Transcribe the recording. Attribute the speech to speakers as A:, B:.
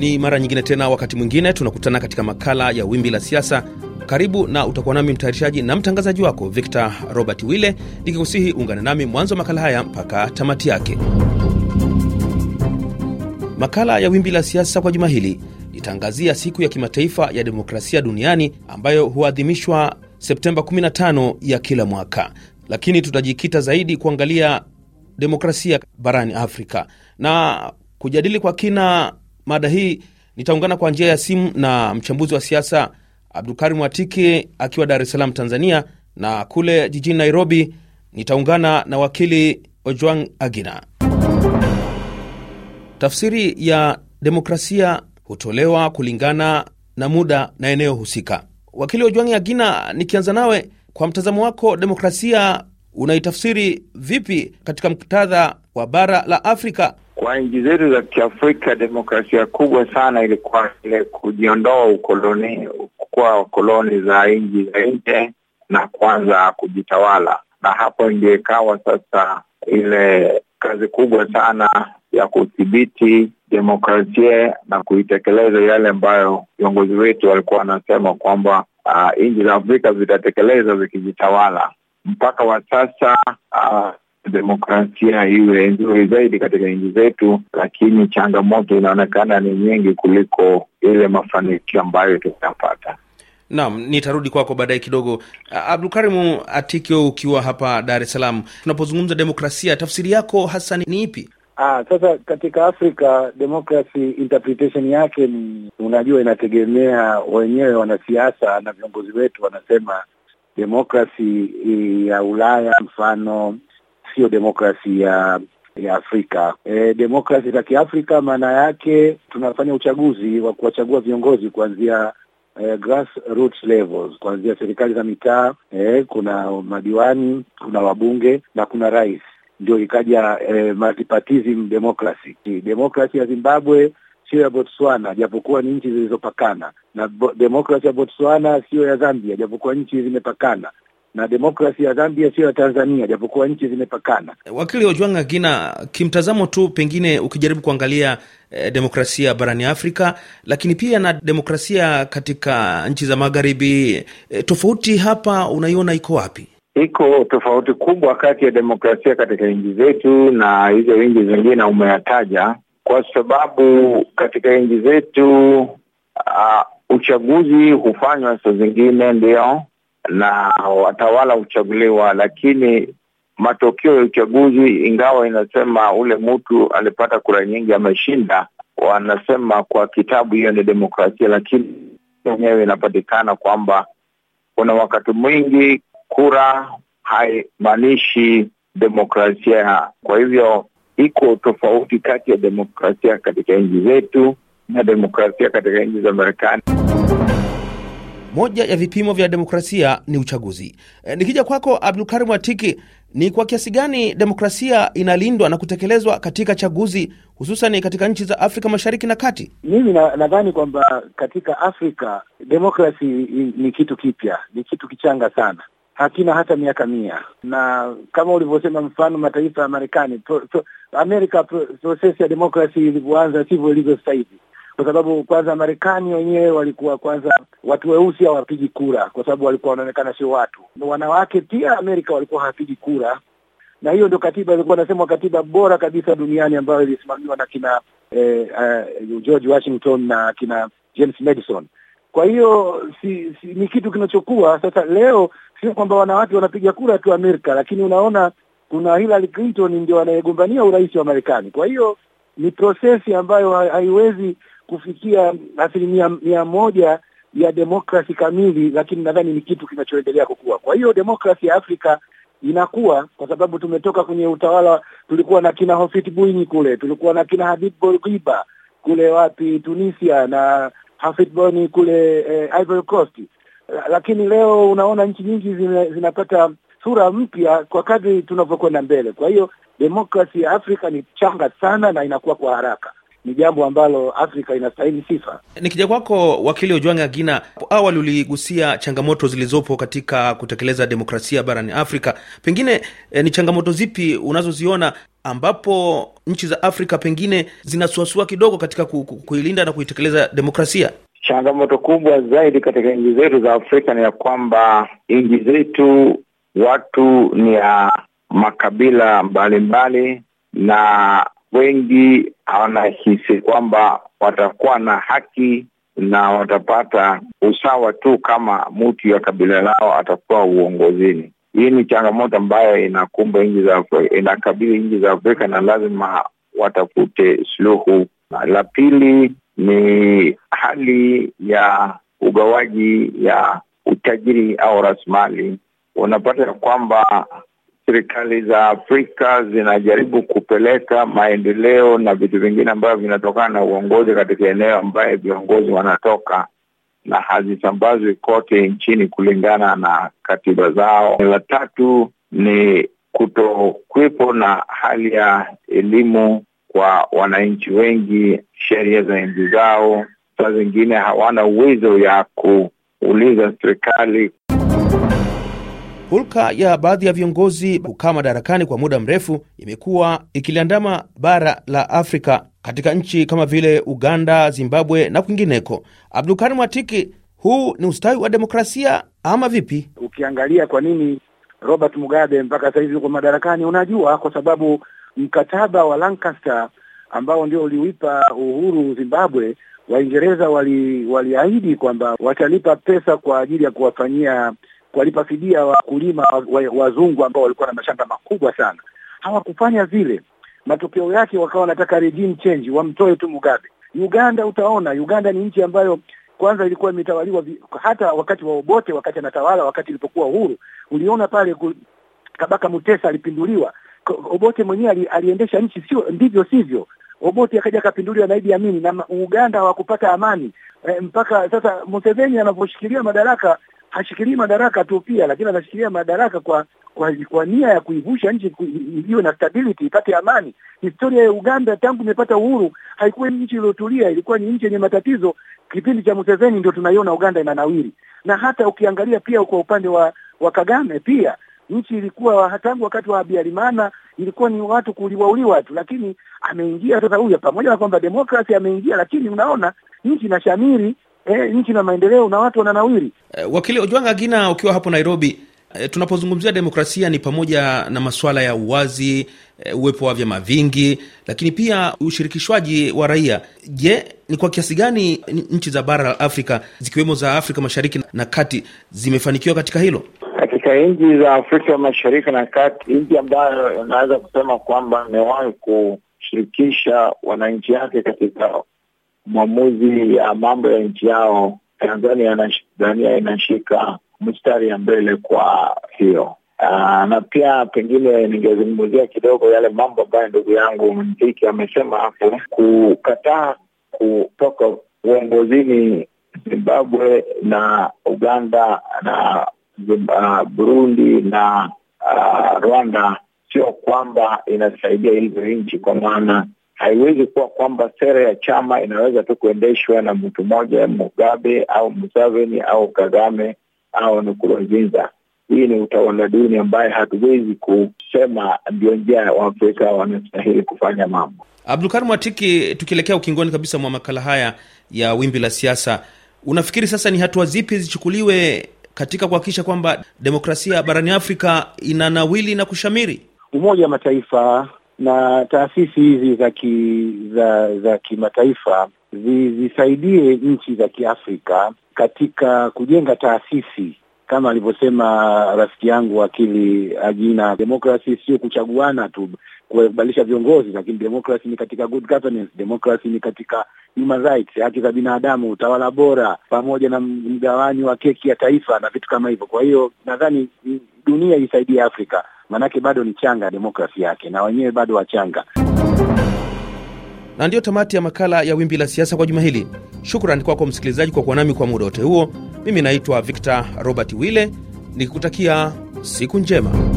A: Ni mara nyingine tena, wakati mwingine tunakutana katika makala ya Wimbi la Siasa. Karibu na utakuwa nami mtayarishaji na mtangazaji wako Victor Robert Wille, nikikusihi uungane nami mwanzo wa makala haya mpaka tamati yake. Makala ya Wimbi la Siasa kwa juma hili itaangazia siku ya kimataifa ya demokrasia duniani ambayo huadhimishwa Septemba 15 ya kila mwaka, lakini tutajikita zaidi kuangalia demokrasia barani Afrika na kujadili kwa kina mada hii, nitaungana kwa njia ya simu na mchambuzi wa siasa Abdulkarim Watiki akiwa Dar es Salaam, Tanzania, na kule jijini Nairobi nitaungana na wakili ojuang Agina. Tafsiri ya demokrasia hutolewa kulingana na muda na eneo husika. Wakili Ojwang Agina, nikianza nawe, kwa mtazamo wako, demokrasia unaitafsiri vipi katika mktadha wa bara la Afrika?
B: Kwa nchi zetu za Kiafrika, demokrasia kubwa sana ilikuwa ile kujiondoa ukoloni, kuwa koloni za nchi za nje na kuanza kujitawala, na hapo ndio ikawa sasa ile kazi kubwa sana ya kudhibiti demokrasia na kuitekeleza yale ambayo viongozi wetu walikuwa wanasema kwamba uh, nchi za Afrika zitatekeleza zikijitawala mpaka wa sasa uh, demokrasia iwe nzuri zaidi katika nchi zetu, lakini changamoto inaonekana ni nyingi kuliko ile mafanikio ambayo tunapata.
A: Naam, nitarudi kwako baadaye kidogo. abdulkarimu Atike, ukiwa hapa Dar es Salaam, tunapozungumza demokrasia, tafsiri yako hasa ni ipi?
B: Ah, sasa katika Afrika democracy interpretation yake ni unajua, inategemea wenyewe wanasiasa na viongozi wetu wanasema demokrasi eh, ya Ulaya mfano sio demokrasi ya ya Afrika. E, eh, demokrasi za Kiafrika maana yake tunafanya uchaguzi wa kuwachagua viongozi kuanzia e, grassroots levels kuanzia serikali za mitaa e, kuna madiwani, kuna wabunge na kuna rais, ndio ikaja e, multipartism democracy. Demokrasi ya Zimbabwe sio ya Botswana japokuwa ni nchi zilizopakana na bo, demokrasi ya Botswana sio ya Zambia japokuwa nchi zimepakana na demokrasi ya Zambia sio ya Tanzania japokuwa nchi zimepakana.
A: Wakili Ojwanga Gina, kimtazamo tu pengine ukijaribu kuangalia eh, demokrasia barani Afrika lakini pia na demokrasia katika nchi za magharibi eh, tofauti hapa unaiona iko wapi?
B: Iko tofauti kubwa kati ya demokrasia katika nchi zetu na hizo nchi zingine umeyataja kwa sababu katika nchi zetu uh, uchaguzi hufanywa saa zingine ndio na watawala huchaguliwa, lakini matokeo ya uchaguzi, ingawa inasema ule mtu alipata kura nyingi ameshinda, wanasema kwa kitabu hiyo ni demokrasia, lakini wenyewe inapatikana kwamba kuna wakati mwingi kura haimaanishi demokrasia. Kwa hivyo iko tofauti kati ya demokrasia katika nchi zetu na demokrasia katika nchi za Marekani.
A: Moja ya vipimo vya demokrasia ni uchaguzi. E, nikija kwako Abdulkarim Atiki, ni kwa kiasi gani demokrasia inalindwa na kutekelezwa katika chaguzi hususan katika nchi za Afrika Mashariki na Kati?
B: Mimi nadhani na kwamba katika Afrika demokrasi ni kitu kipya, ni kitu kichanga sana hakina hata miaka mia, na kama ulivyosema, mfano mataifa ya Marekani pro, pro, Amerika process ya demokrasi ilivyoanza sivyo ilivyo sasa hivi, kwa sababu kwanza Marekani wenyewe walikuwa kwanza watu weusi hawapigi kura, kwa sababu walikuwa wanaonekana sio watu. Wanawake pia Amerika walikuwa hawapigi kura, na hiyo ndio katiba ilikuwa inasemwa katiba bora kabisa duniani ambayo ilisimamiwa na kina eh, uh, George Washington na kina James Madison. Kwa hiyo si, si, ni kitu kinachokuwa sasa leo sio kwamba wanawake wanapiga kura tu Amerika, lakini unaona kuna Hillary Clinton ndio anayegombania urais wa Marekani. Kwa hiyo ni prosesi ambayo haiwezi kufikia asilimia mia moja ya demokrasi kamili, lakini nadhani ni kitu kinachoendelea kukua. Kwa hiyo demokrasi ya Afrika inakuwa kwa sababu tumetoka kwenye utawala, tulikuwa na kina Hofit Bouyini kule, tulikuwa na kina Habib Bourguiba kule wapi Tunisia, na Hafid Boni kule eh, Ivory Coast lakini leo unaona nchi nyingi zina, zinapata sura mpya kwa kadri tunavyokwenda mbele. Kwa hiyo demokrasi ya Afrika ni changa sana na inakuwa kwa haraka ni jambo ambalo Afrika inastahili sifa.
A: Nikija kwako wakili Ojwanga Gina, awali uligusia changamoto zilizopo katika kutekeleza demokrasia barani Afrika. Pengine eh, ni changamoto zipi unazoziona ambapo nchi za Afrika pengine zinasuasua kidogo katika ku, ku, kuilinda na kuitekeleza demokrasia?
B: Changamoto kubwa zaidi katika nchi zetu za Afrika ni ya kwamba nchi zetu watu ni ya makabila mbalimbali mbali, na wengi hawanahisi kwamba watakuwa na haki na watapata usawa tu kama mtu ya kabila lao atakuwa uongozini. Hii ni changamoto ambayo inakumba nchi za Afrika, inakabili nchi za Afrika na lazima watafute suluhu. La pili ni hali ya ugawaji ya utajiri au rasilimali. Unapata ya kwamba serikali za Afrika zinajaribu kupeleka maendeleo na vitu vingine ambavyo vinatokana na uongozi katika eneo ambaye viongozi wanatoka na hazisambazwi kote nchini kulingana na katiba zao. La tatu ni kutokuwepo na hali ya elimu kwa wananchi wengi, sheria za nchi zao saa zingine hawana uwezo ya kuuliza serikali.
A: Hulka ya baadhi ya viongozi kukaa madarakani kwa muda mrefu imekuwa ikiliandama bara la Afrika katika nchi kama vile Uganda, Zimbabwe na kwingineko. Abdulkarim Mwatiki, huu ni ustawi wa demokrasia ama vipi?
B: Ukiangalia kwa nini Robert
A: Mugabe mpaka sasa hivi yuko
B: madarakani, unajua kwa sababu mkataba wa Lancaster ambao ndio uliuipa uhuru Zimbabwe, Waingereza wali, waliahidi kwamba watalipa pesa kwa ajili ya kuwafanyia kuwalipa fidia wakulima wazungu wa, wa ambao walikuwa na mashamba makubwa sana. Hawakufanya vile, matokeo yake wakawa wanataka regime change, wamtoe tu Mugabe. Uganda utaona, Uganda ni nchi ambayo kwanza ilikuwa imetawaliwa hata wakati wa Obote, wakati anatawala, wakati ilipokuwa uhuru, uliona pale Kabaka Mutesa alipinduliwa Obote mwenyewe ali, aliendesha nchi sio ndivyo sivyo. Obote akaja akapinduliwa na Idi Amini na Uganda wakupata amani e, mpaka sasa Museveni anaposhikilia madaraka hashikilii madaraka tu pia, lakini anashikilia madaraka kwa kwa, kwa nia ya kuivusha nchi iliyo na stability ipate amani. Historia ya Uganda tangu imepata uhuru haikuwa nchi iliyotulia, ilikuwa ni nchi yenye matatizo. Kipindi cha Museveni ndio tunaiona Uganda inanawiri, na hata ukiangalia pia kwa upande wa wa Kagame pia nchi ilikuwa tangu wakati wa Habyarimana ilikuwa ni watu kuuliwauliwa tu, lakini ameingia sasa huyu, pamoja na kwamba demokrasi ameingia, lakini unaona nchi na shamiri eh, nchi na maendeleo na watu wananawiri.
A: Eh, wakili Ojwanga Gina, ukiwa hapo Nairobi, eh, tunapozungumzia demokrasia ni pamoja na masuala ya uwazi, eh, uwepo wa vyama vingi, lakini pia ushirikishwaji wa raia. Je, ni kwa kiasi gani nchi za bara la Afrika zikiwemo za Afrika Mashariki na Kati zimefanikiwa katika hilo?
B: katika nchi za Afrika Mashariki na Kati, nchi ambayo inaweza kusema kwamba imewahi kushirikisha wananchi yake katika maamuzi ya mambo ya nchi yao, Tanzania inashika mstari ya mbele kwa hiyo. Aa, ah, na pia pengine ningezungumzia kidogo yale mambo ambayo ndugu yangu mziki amesema hapo, kukataa kutoka uongozini Zimbabwe na Uganda na uh, Burundi na uh, Rwanda sio kwamba inasaidia hizo nchi, kwa maana haiwezi kuwa kwamba sera ya chama inaweza tu kuendeshwa na mtu mmoja, Mugabe au Museveni au Kagame au Nkurunziza. Hii ni utawala duni ambaye hatuwezi kusema ndio njia Waafrika wanastahili kufanya mambo.
A: Abdulkarim Mwatiki, tukielekea ukingoni kabisa mwa makala haya ya wimbi la siasa, unafikiri sasa ni hatua zipi zichukuliwe katika kuhakikisha kwamba demokrasia barani Afrika ina nawili na kushamiri?
B: Umoja wa Mataifa na taasisi hizi za ki, za za kimataifa zisaidie nchi za Kiafrika katika kujenga taasisi kama alivyosema rafiki yangu akili ajina, demokrasi sio kuchaguana tu, kubadilisha viongozi, lakini demokrasi ni katika good governance, demokrasi ni katika human rights, haki za binadamu, utawala bora, pamoja na mgawanyi wa keki ya taifa na vitu kama hivyo. Kwa hiyo nadhani dunia isaidie Afrika, maanake bado ni changa demokrasi yake na wenyewe bado wachanga.
A: Na ndiyo tamati ya makala ya Wimbi la Siasa kwa juma hili. Shukran kwako msikilizaji kwa kuwa nami kwa muda wote huo. Mimi naitwa Victor Robert Wille nikikutakia siku njema.